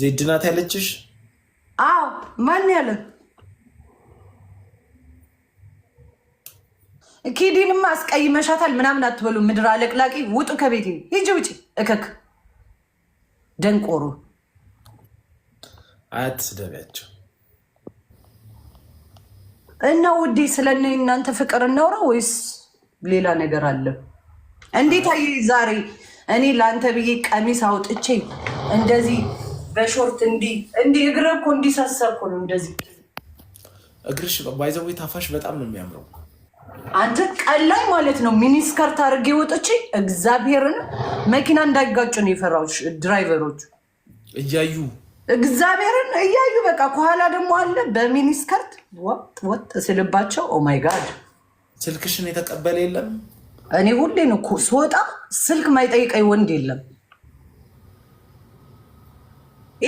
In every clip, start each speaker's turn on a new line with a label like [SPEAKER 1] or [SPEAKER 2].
[SPEAKER 1] ዜድ ናት ያለችሽ?
[SPEAKER 2] አዎ። ማን ያለ? ኪዲንማ አስቀይመሻታል ምናምን አትበሉ። ምድር አለቅላቂ ውጡ ከቤቴ ሂጂ፣ ውጪ እከክ ደንቆሮ
[SPEAKER 1] አትስደቢያቸው
[SPEAKER 2] እና ውዴ፣ ስለ እናንተ ፍቅር እናውራ ወይስ ሌላ ነገር አለ? እንዴት አይ ዛሬ እኔ ለአንተ ብዬ ቀሚስ አውጥቼ እንደዚህ በሾርት እንዲህ እንዲህ እግር እኮ እንዲሳሰርኩ ነው እንደዚህ
[SPEAKER 1] እግርሽ ባይዘው ታፋሽ በጣም ነው የሚያምረው።
[SPEAKER 2] አንተ ቀላይ ማለት ነው ሚኒስከርት አድርጌ ወጥቼ እግዚአብሔርን መኪና እንዳይጋጩ ነው የፈራዎች ድራይቨሮች እያዩ እግዚአብሔርን እያዩ በቃ ከኋላ ደግሞ አለ በሚኒስከርት ወጥ ወጥ ስልባቸው ኦማይ oh ጋድ።
[SPEAKER 1] ስልክሽን የተቀበለ የለም።
[SPEAKER 2] እኔ ሁሌ ነው ስወጣ ስልክ ማይጠይቀኝ ወንድ የለም።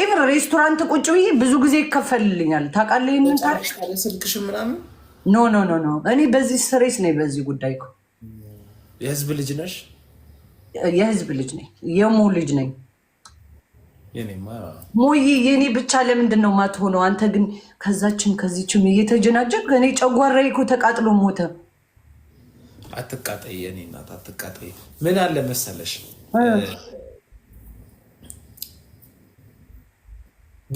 [SPEAKER 2] ኢቭን ሬስቶራንት ቁጭ ብዬ ብዙ ጊዜ ይከፈልልኛል። ታውቃለህ ይህንን
[SPEAKER 1] ስልክሽ ምናምን
[SPEAKER 2] ኖ ኖ ኖ ኖ እኔ በዚህ ስሬስ ነኝ። በዚህ ጉዳይ
[SPEAKER 1] የህዝብ ልጅ ነሽ?
[SPEAKER 2] የህዝብ ልጅ ነኝ። የሙ ልጅ ነኝ። ሞዬ የእኔ ብቻ ለምንድን ነው የማትሆነው? አንተ ግን ከዛችን ከዚችም እየተጀናጀን እኔ ጨጓራዬ እኮ ተቃጥሎ ሞተ።
[SPEAKER 1] አትቃጠይ የእኔ እናት አትቃጠይ። ምን አለ መሰለሽ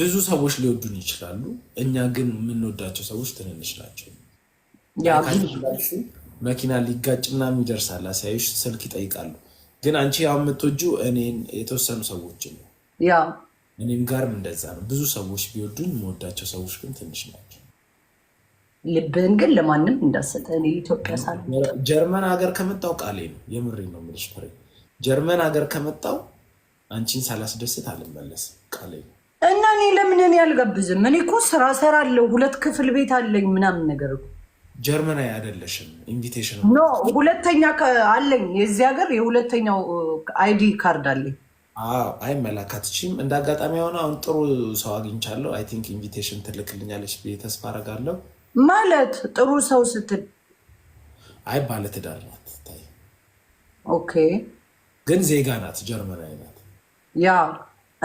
[SPEAKER 1] ብዙ ሰዎች ሊወዱን ይችላሉ። እኛ ግን የምንወዳቸው ሰዎች ትንንሽ ናቸው። መኪና ሊጋጭ ምናምን ይደርሳል። አሳዮች ስልክ ይጠይቃሉ። ግን አንቺ ያው የምትወጂው እኔን የተወሰኑ ሰዎች ነው። እኔም ጋርም እንደዛ ነው። ብዙ ሰዎች ቢወዱኝ የምወዳቸው ሰዎች ግን ትንሽ ናቸው።
[SPEAKER 2] ልብህን ግን ለማንም እንዳሰጠ ኢትዮጵያ ሳል
[SPEAKER 1] ጀርመን ሀገር ከመጣው ቃሌ ነው። የምሬ ነው የምልሽ ጀርመን ሀገር ከመጣው አንቺን ሳላስደስት አልመለስም። ቃሌ ነው
[SPEAKER 2] እኔ ለምን እኔ አልጋብዝም? እኔ እኮ ስራ እሰራለሁ፣ ሁለት ክፍል ቤት አለኝ ምናምን ነገር እኮ
[SPEAKER 1] ጀርመናዊ አይደለሽም። ኢንቪቴሽን
[SPEAKER 2] ኖ ሁለተኛ አለኝ የዚህ ሀገር የሁለተኛው አይዲ ካርድ አለኝ።
[SPEAKER 1] አይ መላካትችም እንደ አጋጣሚ የሆነ አሁን ጥሩ ሰው አግኝቻለሁ። አይ ቲንክ ኢንቪቴሽን ትልክልኛለች ተስፋ አደርጋለሁ።
[SPEAKER 2] ማለት ጥሩ ሰው ስትል
[SPEAKER 1] አይ ባለትዳር ናት። ኦኬ ግን ዜጋ ናት፣ ጀርመናዊ ናት።
[SPEAKER 2] ያ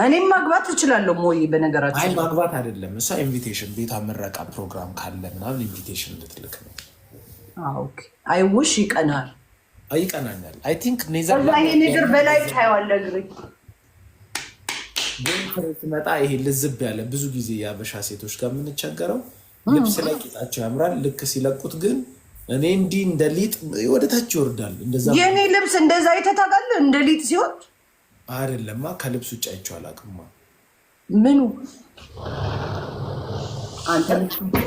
[SPEAKER 2] እኔም ማግባት እችላለሁ ሞይ በነገራችን
[SPEAKER 1] አይ ማግባት አይደለም እሷ ኢንቪቴሽን ቤቷ ምረቃ ፕሮግራም ካለ ምናምን ኢንቪቴሽን ልትልክ ነው
[SPEAKER 2] አይውሽ ይቀናል
[SPEAKER 1] ይቀናኛል አይ ቲንክ
[SPEAKER 2] ይሄ ነገር በላይ ታየዋለ
[SPEAKER 1] ግሪ ስመጣ ይሄ ልዝብ ያለ ብዙ ጊዜ የአበሻ ሴቶች ጋር የምንቸገረው ልብስ ላይ ቂጣቸው ያምራል ልክ ሲለቁት ግን እኔ እንዲህ እንደ ሊጥ ወደታች ይወርዳል
[SPEAKER 2] የእኔ ልብስ እንደዛ አይተህ ታውቃለህ እንደ ሊጥ ሲሆን
[SPEAKER 1] አይደለማ ከልብስ ውጭ አይቼው አላውቅማ።
[SPEAKER 2] ምኑ አንተ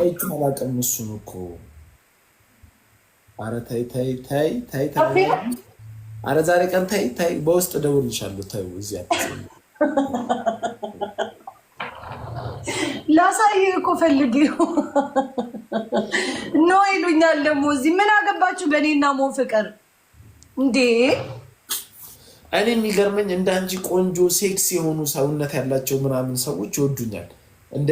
[SPEAKER 1] አይቼው አላውቅም። እሱን እኮ አረ ታይ ታይ ታይ ታይ ታይ አረ ዛሬ ቀን ታይ ታይ በውስጥ እደውልልሻለሁ። እዚህ እዚያ
[SPEAKER 2] ላሳይ እኮ ፈልጌ ነው ይሉኛል። ደግሞ እዚህ ምን አገባችሁ በእኔና ሞ ፍቅር እንዴ?
[SPEAKER 1] እኔ የሚገርመኝ እንደ አንቺ ቆንጆ ሴክስ የሆኑ ሰውነት ያላቸው ምናምን ሰዎች ይወዱኛል። እንደ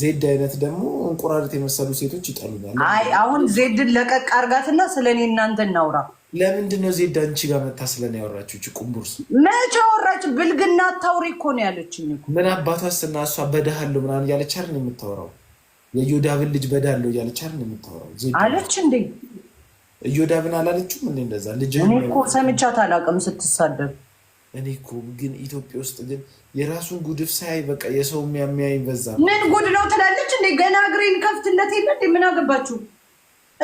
[SPEAKER 1] ዜድ አይነት ደግሞ እንቁራሪት የመሰሉ ሴቶች ይጠሉኛል።
[SPEAKER 2] አይ አሁን ዜድን ለቀቅ አርጋትና ስለ እኔ እናንተ እናውራ።
[SPEAKER 1] ለምንድን ነው ዜድ አንቺ ጋር መታ ስለን ያወራችሁ? ች ቁምቡርስ
[SPEAKER 2] መቼ አወራች? ብልግና አታውሪ እኮ ነው ያለችኝ።
[SPEAKER 1] ምን አባቷስ እና እሷ በደሃለሁ ምናምን እያለች አይደል የምታወራው? የዮዳብን ልጅ በዳለው እያለች አይደል የምታወራው? አለች እንዴ እዮዳብን አላለችም እንዴ? እንደዛ ልጅ
[SPEAKER 2] እኮ ሰምቻት አላውቅም ስትሳደብ።
[SPEAKER 1] እኔ እኮ ግን ኢትዮጵያ ውስጥ ግን የራሱን ጉድፍ ሳይ በቃ የሰው የሚያሚያ ይበዛ።
[SPEAKER 2] ምን ጉድ ነው ትላለች እንዴ? ገና እግሬን ከፍትለት የለ እንዴ? ምን አገባችሁ?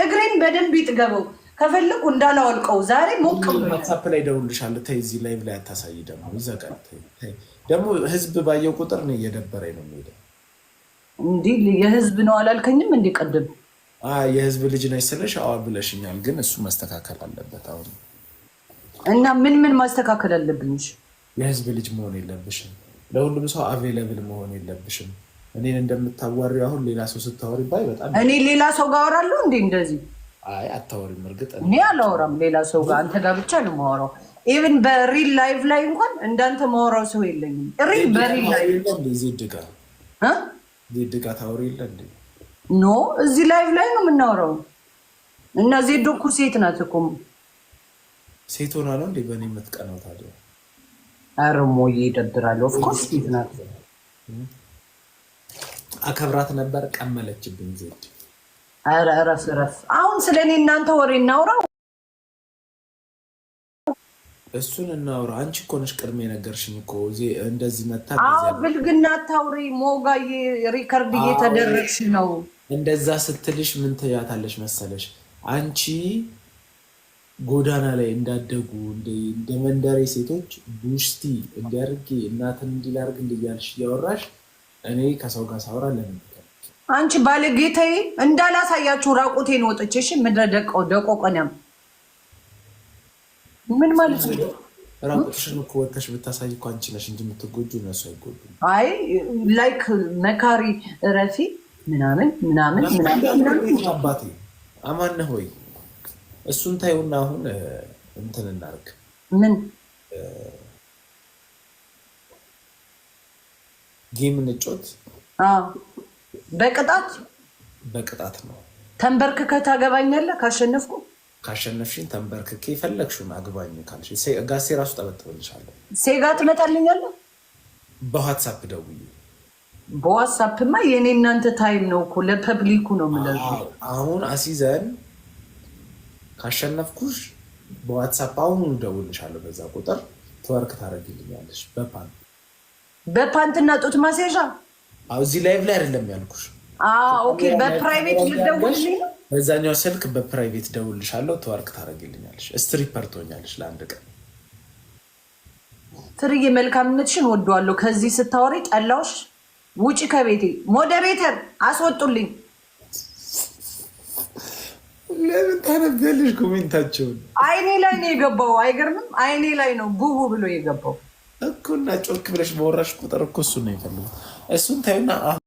[SPEAKER 2] እግሬን በደንብ ይጥገበው ከፈለኩ እንዳላወልቀው ዛሬ ሞቅ
[SPEAKER 1] ዋትሳፕ ላይ ደውልልሻለሁ። ተይ እዚህ ላይ ላይ አታሳይ። ደግሞ ይዘጋል። ደግሞ ህዝብ ባየው ቁጥር ነው እየደበረኝ ነው የሚሄደው።
[SPEAKER 2] እንዲህ የህዝብ ነው አላልከኝም እንዲቀድም
[SPEAKER 1] የህዝብ ልጅ ነች ስለሽ አዋ ብለሽኛል፣ ግን እሱ መስተካከል አለበት። አሁን
[SPEAKER 2] እና ምን ምን ማስተካከል አለብኝ?
[SPEAKER 1] የህዝብ ልጅ መሆን የለብሽም። ለሁሉም ሰው አቬለብል መሆን የለብሽም። እኔን እንደምታዋሪ አሁን ሌላ ሰው ስታወሪ ባይ በጣም
[SPEAKER 2] እኔ ሌላ ሰው ጋር አወራለሁ እንዴ? እንደዚህ
[SPEAKER 1] አይ አታወሪም። እርግጥ
[SPEAKER 2] እኔ አላወራም ሌላ ሰው ጋር፣ አንተ ጋር ብቻ ነው የማወራው። ኢቨን በሪል ላይፍ ላይ እንኳን እንዳንተ ማወራው ሰው የለኝም።
[SPEAKER 1] ሪል በሪል ላይ ዜድጋ ዜድጋ ታወሪ የለ እንዴ
[SPEAKER 2] ኖ እዚህ ላይቭ ላይ ነው የምናወራው። እና ዜዶ እኮ ሴት ናት እኮ
[SPEAKER 1] ሴት ሆና ነው እንዴ በእኔ የምትቀናው ታዲያ?
[SPEAKER 2] ኧረ ሞዬ ይደብራል። ኦፍኮርስ ሴት ናት።
[SPEAKER 1] አከብራት ነበር ቀመለችብኝ። ዜድ
[SPEAKER 2] ኧረ እረፍ እረፍ። አሁን ስለ እኔ እናንተ ወሬ እናውራው።
[SPEAKER 1] እሱን እናውራ። አንቺ እኮ ነሽ ቅድሜ ነገርሽኝ እኮ እንደዚህ መታ
[SPEAKER 2] ብልግና ታውሪ ሞጋ ሪከርድ እየተደረግሽ ነው።
[SPEAKER 1] እንደዛ ስትልሽ ምን ትያታለሽ መሰለሽ? አንቺ ጎዳና ላይ እንዳደጉ እንደ መንደሬ ሴቶች ቡሽቲ እንዲያርጌ እናትን እንዲላርግ እንዲያልሽ እያወራሽ እኔ ከሰው ጋር ሳውራ ለምን
[SPEAKER 2] አንቺ ባለጌታዬ እንዳላሳያችሁ ራቁቴን ወጥቼሽ ምድረ ደቆ ደቆ ምን ማለት ነው?
[SPEAKER 1] ራቁትሽን እኮ ወተሽ ብታሳይ እኮ አንቺ ነሽ እንጂ የምትጎጂው እነሱ አይጎዱም።
[SPEAKER 2] አይ ላይክ መካሪ ረፊ ምናምን ምናምን
[SPEAKER 1] ምናምን አባቴ አማነ ሆይ እሱን ታዩና አሁን እንትን እናርግ ምን ጌም እንጮት በቅጣት በቅጣት ነው።
[SPEAKER 2] ተንበርክከህ ታገባኛለህ ካሸነፍኩ
[SPEAKER 1] ካሸነፍሽን ተንበርክኬ የፈለግሽውን አግባኝ ካልሽ ጋሴ ራሱ ጠበጥብልሻለሁ።
[SPEAKER 2] ሴጋ ትመጣልኛለህ።
[SPEAKER 1] በዋትሳፕ ደውዬ
[SPEAKER 2] በዋትሳፕማ የእኔ እናንተ ታይም ነው እኮ ለፐብሊኩ ነው የምለው።
[SPEAKER 1] አሁን አሲዘን ካሸነፍኩሽ በዋትሳፕ አሁኑ እደውልልሻለሁ። በዛ ቁጥር ትወርክ ታደርግልኛለሽ። በፓንት
[SPEAKER 2] በፓንትና ጡት ማስያዣ
[SPEAKER 1] እዚህ ላይቭ ላይ አይደለም ያልኩሽ።
[SPEAKER 2] ኦኬ በፕራይቬት ልደውልልኝ ነው
[SPEAKER 1] በዛኛው ስልክ በፕራይቬት ደውልልሻለሁ፣ ተዋርቅ ታደርግልኛለሽ፣ ስትሪፐር ትሆኛለሽ ለአንድ ቀን።
[SPEAKER 2] ትርዬ መልካምነትሽን ወደዋለሁ። ከዚህ ስታወሪ ጠላውሽ። ውጪ ከቤቴ ሞዴሬተር አስወጡልኝ።
[SPEAKER 1] ለምን ታነቢያለሽ ኮሜንታቸውን?
[SPEAKER 2] አይኔ ላይ ነው የገባው። አይገርምም? አይኔ ላይ ነው ቡቡ ብሎ የገባው
[SPEAKER 1] እኮ እና ጮክ ብለሽ በወራሽ ቁጥር እኮ እሱ ነው የፈለጉት። እሱን ታዩና